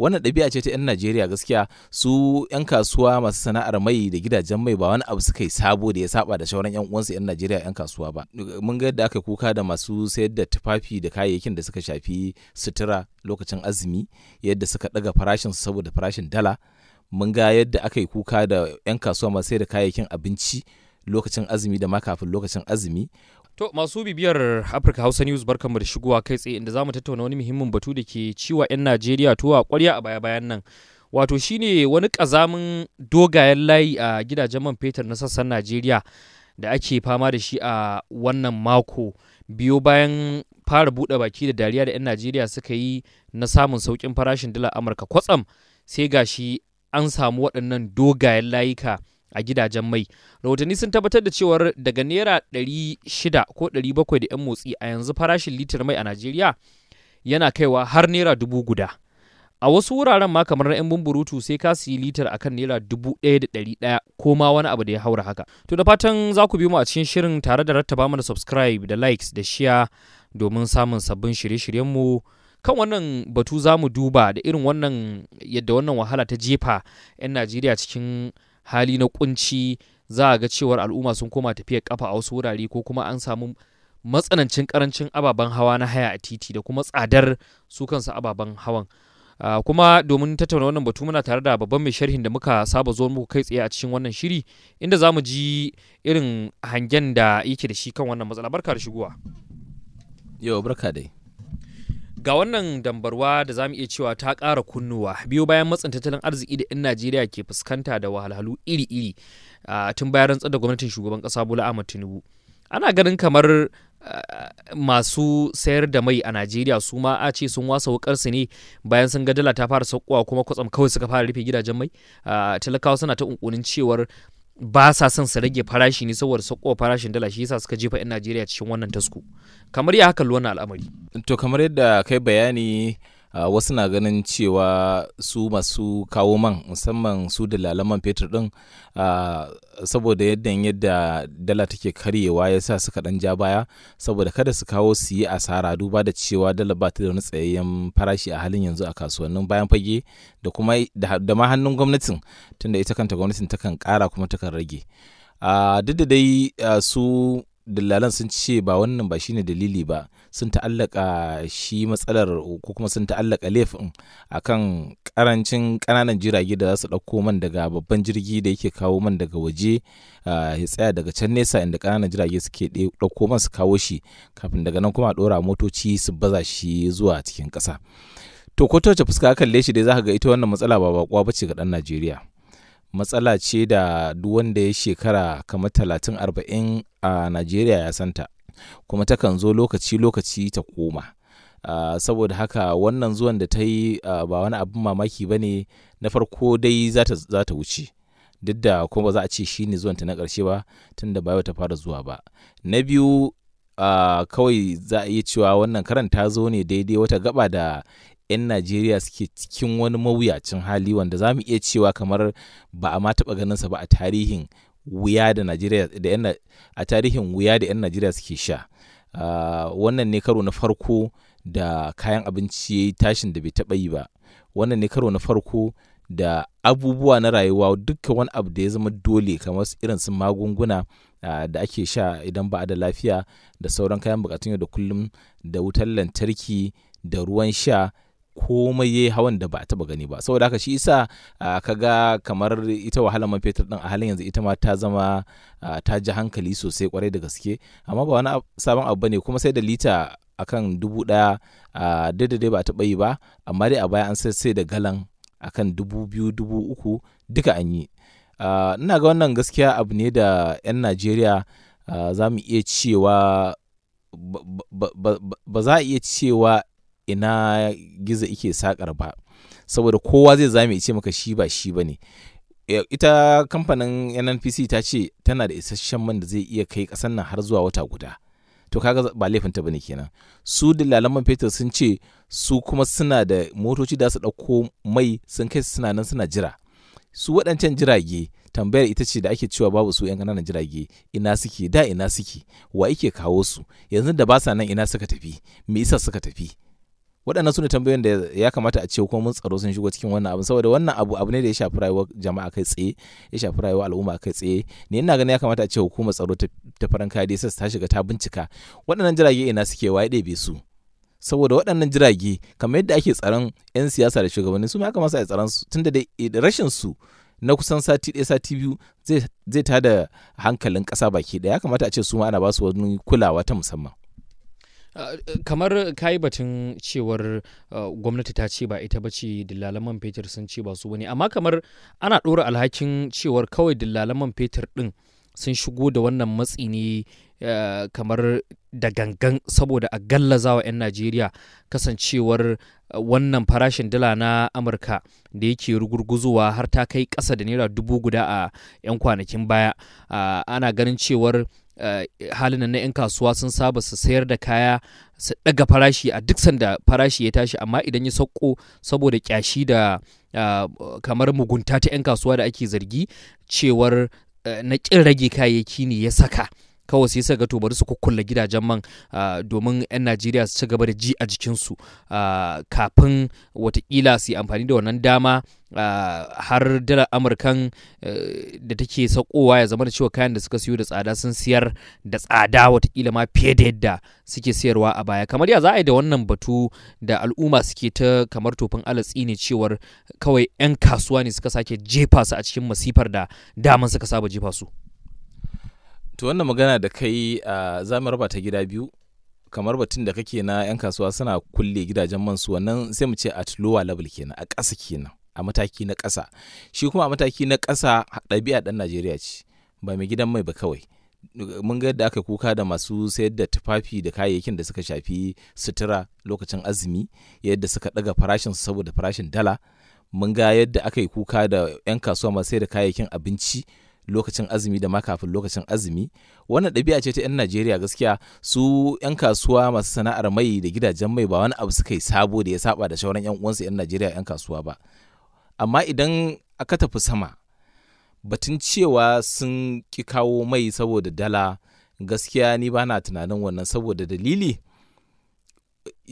wannan ɗabi'a ce ta 'yan najeriya gaskiya su 'yan kasuwa masu sana'ar mai da gidajen mai ba wani abu suka yi sabo da ya saba da shauran 'yan uwansu 'yan najeriya 'yan kasuwa ba mun ga yadda aka kuka da masu sayar da tufafi da kayayyakin da suka shafi sutura lokacin azumi yadda suka ɗaga farashin saboda farashin dala mun ga yadda aka yi kuka da 'yan kasuwa masu sayar da kayayyakin abinci lokacin azumi da ma kafin lokacin azumi To masu bibiyar Africa Hausa News barkanmu da shigowa kai tsaye inda zamu tattauna wani muhimmin batu da ke ciwa 'yan Najeriya tuwa kwarya a baya-bayan nan. Wato shine wani kazamin dogayen layi a gidajen man fetur na sassan Najeriya da ake fama da shi a wannan mako biyo bayan fara buɗe baki da dariya da 'yan Najeriya suka yi na samun saukin farashin dala Amurka kwatsam sai gashi an samu waɗannan dogayen layuka a gidajen mai rahotanni sun tabbatar da cewar daga naira shida ko bakwai da 'yan motsi a yanzu farashin litir mai a najeriya yana kaiwa har naira dubu guda a wasu wuraren ma kamar na 'yan bumburutu sai ka siyi litar akan naira dubu ɗaya da ɗari ɗaya ko ma wani abu da ya haura haka to da fatan za ku bi mu a cikin shirin tare da rattaba mana subscribe da likes da share domin samun sabbin shirye-shiryenmu kan wannan batu za mu duba da irin wannan yadda wannan wahala ta jefa 'yan najeriya cikin hali na kunci za a ga cewar al'umma sun koma tafiyar kafa a wasu wurare ko kuma an samu matsanancin karancin ababen hawa na haya a titi da kuma tsadar su kansu ababen hawan kuma domin tattauna wannan batu muna tare da babban mai sharhin da muka saba zo muku kai tsaye a cikin wannan shiri inda za mu ji irin hangen da yake da shi kan wannan matsala barka da shigowa yau barka dai ga wannan dambarwa da za mu iya cewa ta ƙara kunnuwa biyu bayan matsin tattalin arziki da 'yan najeriya ke fuskanta da wahalhalu iri-iri tun bayan rantsar da gwamnatin shugaban ƙasa bola ahmad tinubu ana ganin kamar masu sayar da mai a najeriya su ma a ce sun wasa wukar su ne bayan sun ga dala ta fara saukowa kuma kwatsam kawai suka fara rufe gidajen mai talakawa suna ta unkunin cewar ba sa son su rage farashi ne saboda sakowa farashin dala shi yasa suka jefa 'yan Najeriya cikin wannan tasko kamar ya haka wannan al'amari to kamar yadda kai bayani uh, wasu na ganin cewa su masu kawo man musamman su da man fetur din uh, saboda yadda yadda dala take karyewa ya sa suka dan ja baya saboda kada su kawo su yi asara duba da cewa dala ba ta da wani tsayayyen farashi a halin yanzu a kasuwannin bayan fage da kuma da ma hannun gwamnatin tunda ita kanta gwamnatin takan kara kuma takan rage ah, duk da dai su dillalan sun ce ba wannan ba shine dalili ba sun ta'allaka shi matsalar ko kuma sun ta'allaka laifin akan karancin kananan jirage da za su ɗauko man daga babban jirgi da yake kawo man daga waje ya tsaya daga can nesa inda kananan jirage suke ɗauko man su kawo shi kafin daga nan kuma a ɗora motoci su baza shi zuwa cikin kasa to ko ta fuska akan leshi dai za ga ita wannan matsala ba baƙuwa ba ce ga ɗan najeriya matsala ce da duk wanda ya shekara kamar talatin arba'in a najeriya ya santa kuma takan zo lokaci-lokaci ta koma saboda haka wannan zuwan da ta yi ba wani abin mamaki ba ne na farko dai za ta wuce duk da kuma ba za a ce shi ne zuwanta na ƙarshe ba tun da bayo ta fara zuwa ba na biyu kawai za a iya cewa wannan karanta zo ne daidai wata gaba da 'yan Najeriya suke cikin wani mawuyacin hali wanda za mu iya cewa kamar ba a ma taɓa sa ba a tarihin wuya da 'yan a tarihin wuya da 'yan Najeriya suke sha. Ah, wannan ne karo na farko da kayan abinci ya yi tashin da bai taɓa yi ba. Wannan ne karo na farko da abubuwa na rayuwa dukkan wani abu da ya zama dole kamar irin su magunguna ah, da ake sha idan ba a da lafiya da sauran kayan bukatun yau da kullum da wutar lantarki da ruwan sha komai yayi hawan da ba a taba gani ba saboda haka shi isa ga kamar ita wahalar man fetur din a halin yanzu ita ma ta zama ta ji hankali sosai kwarai da gaske amma ba wani sabon abu bane kuma sai da lita akan dubu daya daidai ba a taba yi ba amma dai a baya an sai da galan akan dubu biyu dubu uku duka an yi ina ga wannan gaskiya abu ne da 'yan najeriya za mu iya cewa ba za a iya cewa ina gizo ike sakar ba saboda kowa zai zame ce maka shi ba shi ba ne ita kamfanin nnpc ta ce tana da isasshen man da zai iya kai kasan nan har zuwa wata guda to kaga ba laifinta bane kenan su dalalan man fetur sun ce su kuma suna da motoci da su ɗauko mai sun kai suna nan suna jira su waɗancan jirage tambayar ita ce da ake cewa babu su 'yan ƙananan jirage ina suke da ina suke wa ike kawo su yanzu da ba sa nan ina suka tafi me isa suka tafi waɗannan su ne tambayoyin da ya kamata a ce kuma tsaro sun shigo cikin wannan abu saboda wannan abu abu ne da ya shafi rayuwar jama'a kai tsaye ya shafi rayuwar al'umma kai tsaye ne ina ganin ya kamata a ce hukumar tsaro ta faranka da sai ta shiga ta bincika waɗannan jirage ina suke waye ɗebe su saboda waɗannan jirage kamar yadda ake tsaron 'yan siyasa da shugabanni su ma ya kamata a tsaron su tunda eh, da rashin su na kusan sati ɗaya sati biyu zai tada hankalin ƙasa baki ɗaya ya kamata a ce su ma ana ba su wani kulawa ta musamman kamar ka yi batun cewar uh, gwamnati ta ce ba ita ba ce dillalan man fetur sun ce ba su bane amma kamar ana ɗora alhakin cewar kawai dillalan man fetur ɗin sun shigo da wannan matsi ne uh, kamar da gangan saboda a gallazawa 'yan najeriya kasancewar uh, wannan farashin dala na amurka da yake rugurguzuwa har ta kai ƙasa da naira dubu guda a 'yan kwanakin baya ana ganin cewar Eh, halin na 'yan kasuwa sun saba su sayar da kaya su daga farashi a duk sanda farashi ya tashi amma idan ya sauko saboda kyashi da eh, kamar mugunta ta 'yan kasuwa da ake zargi cewar eh, na ƙin rage kayayyaki ne ya saka kawai sai suka to bari su kukkulla gidajen man domin 'yan najeriya su ci gaba da ji a jikinsu kafin watakila su yi amfani da wannan dama har dalar amurkan eh, da take sakowa ya zama da cewa kayan da suka siyo da tsada sun siyar da tsada watakila ma fiye da yadda suke siyarwa a baya kamar ya za a yi da wannan batu da al'umma suke ta kamar tofin alatsi ne cewar kawai 'yan kasuwa ne suka sake jefa su a cikin masifar da daman suka saba jefa su to wannan magana da kai za mu raba ta gida biyu kamar batun da kake na 'yan kasuwa suna kulle gidajen man wannan sai mu ce at lower level kenan a ƙasa kenan a mataki na ƙasa shi kuma a mataki na ƙasa ɗabi'a ɗan najeriya ce ba mai gidan mai ba kawai mun ga yadda aka kuka da masu sayar da tufafi da kayayyakin da suka shafi sutura lokacin azumi yadda suka ɗaga farashin saboda farashin dala mun ga yadda aka yi kuka da 'yan kasuwa masu sayar da kayayyakin abinci lokacin azumi da ma kafin lokacin azumi wannan ɗabi'a ce ta 'yan najeriya gaskiya su 'yan kasuwa masu sana'ar mai da gidajen mai ba wani abu suka yi sabo da ya saba da shauran 'yan uwansu 'yan najeriya 'yan kasuwa ba amma idan aka tafi sama batun cewa sun ki kawo mai saboda dala gaskiya ni ba na tunanin wannan saboda dalili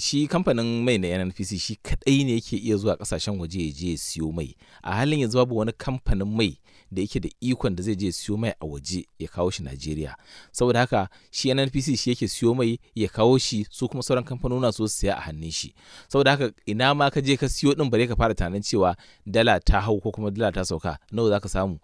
shi kamfanin mai na nnpc shi kadai ne yake iya zuwa kasashen waje ya je siyo mai a halin yanzu babu wani kamfanin mai da yake da ikon da zai je siyo mai a waje ya kawo shi najeriya saboda haka shi nnpc shi yake siyo mai ya kawo shi su kuma sauran kamfanona su siya a hannun shi saboda haka ina ma ka je ka siyo din bare ka fara tunanin cewa dala ta hau ko kuma dala ta sauka nawa za ka samu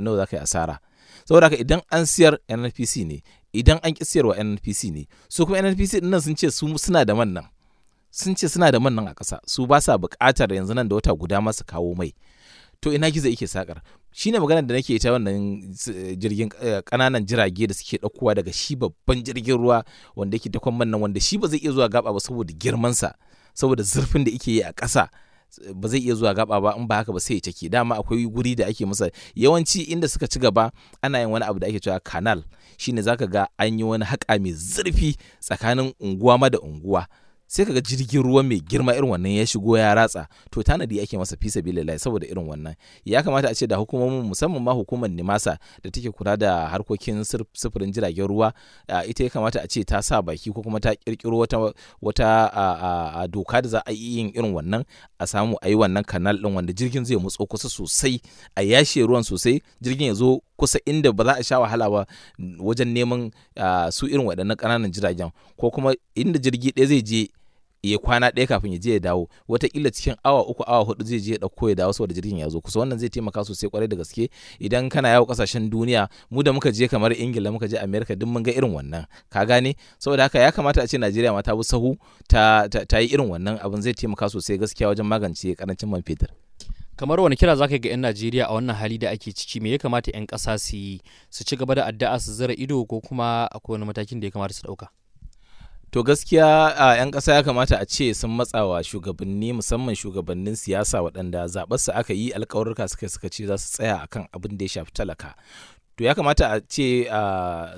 nawa za ka yi asara saboda haka idan an siyar nnpc ne idan an ki siyarwa nnpc ne su kuma nnpc din nan sun ce su suna da man nan sun ce suna da man nan a ƙasa su ba sa buƙatar yanzu nan da wata guda masu kawo mai to ina gizo yake sakar shine maganar da nake ta wannan eh, jirgin kananan eh, jirage da suke ɗaukowa daga shi babban jirgin ruwa wanda yake dakon man nan wanda shi ba zai iya zuwa gaba ba saboda sa saboda zurfin da yake yi a ƙasa ba zai iya zuwa gaba ba in ba haka ba sai ya ke dama akwai guri da ake masa yawanci inda suka ci gaba ana yin wani abu da ake cewa canal shine zaka ga an yi wani haƙa mai zurfi tsakanin unguwa ma da unguwa sai kaga jirgin ruwa mai girma irin wannan ya shigo ya ratsa to tanadi ake masa fisa bilalai saboda irin wannan ya kamata a ce da hukumomin musamman ma hukumar nimasa da take kula da harkokin sufurin jiragen ruwa ita ya kamata a ce ta sa baki ko kuma ta kirkiro wata wata doka da za a yi yin irin wannan a samu a yi wannan kanal din wanda jirgin zai mutso kusa sosai a yashe ruwan sosai jirgin ya zo kusa inda ba za a sha wahala ba wajen neman su irin waɗannan ƙananan jiragen ko kuma inda jirgi ɗaya zai je ya kwana ɗaya kafin ya je ya dawo wata wataƙila cikin awa uku awa hudu zai je ya ɗauko ya dawo saboda jirgin ya zo kusa wannan zai taimaka sosai kwarai da gaske idan kana yawo ƙasashen duniya mu da muka je kamar ingila muka je amerika duk mun ga irin wannan ka gane saboda haka ya kamata a ce najeriya ma ta bi sahu ta, yi irin wannan abin zai taimaka sosai gaskiya wajen magance karancin man fetur kamar wani kira zaka ga 'yan najeriya a wannan hali da ake ciki me ya kamata 'yan ƙasa su yi su ci gaba da addu'a su zira ido ko kuma akwai wani matakin da ya kamata su ɗauka to gaskiya a 'yan ƙasa ya kamata a ce sun matsawa shugabanni musamman shugabannin siyasa waɗanda zaɓarsa aka yi alkawarurka suka suka ce za su tsaya akan abin da ya shafi talaka to ya kamata a ce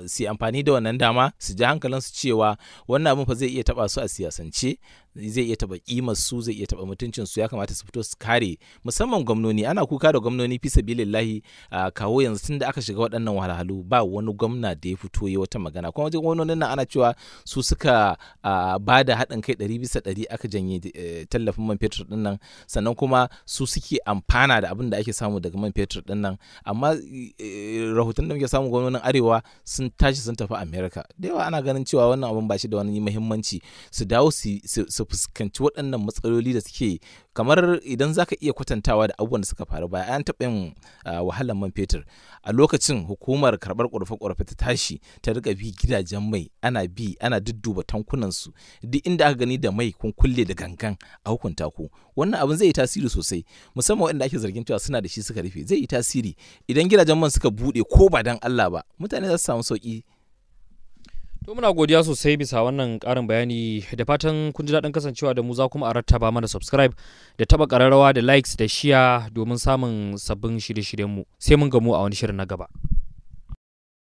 su amfani da wannan dama su ji su cewa wannan abin fa zai iya taɓa su a siyasance zai iya taba kimar su zai iya taba mutuncin su ya kamata su fito su kare musamman gwamnoni ana kuka da gwamnoni fi sabilillahi kawo yanzu tun da aka shiga waɗannan wahalhalu ba wani gwamna da ya fito yi wata magana kuma wajen wani nan ana cewa su suka ba da haɗin kai ɗari bisa ɗari aka janye eh, tallafin man fetur ɗin nan sannan kuma su suke amfana da abin da ake samu daga man fetur ɗin nan amma eh, rahoton da muke samu gwamnonin arewa sun tashi sun tafi america da yawa ana ganin cewa wannan abin ba shi da wani muhimmanci su dawo su fuskanci waɗannan matsaloli da suke kamar idan za ka iya kwatantawa da abubuwan da suka faru baya an taɓa yin wahalar man fetur a lokacin hukumar karɓar ƙorafe-ƙorafe ta tashi ta riga bi gidajen mai ana bi ana dudduba tankunansu duk inda aka gani da mai kun kulle da gangan a hukunta ku wannan abin zai yi tasiri sosai musamman waɗanda ake zargin cewa suna da shi suka rufe zai yi tasiri idan gidajen man suka buɗe ko ba dan Allah ba mutane za su samu sauki To muna godiya sosai bisa wannan karin bayani da fatan kun ji daɗin kasancewa da mu za kuma a rattaba mana subscribe da taba ƙararrawa da likes da shiya domin samun sabbin shirye-shiryenmu sai mun gamu a wani shirin na gaba.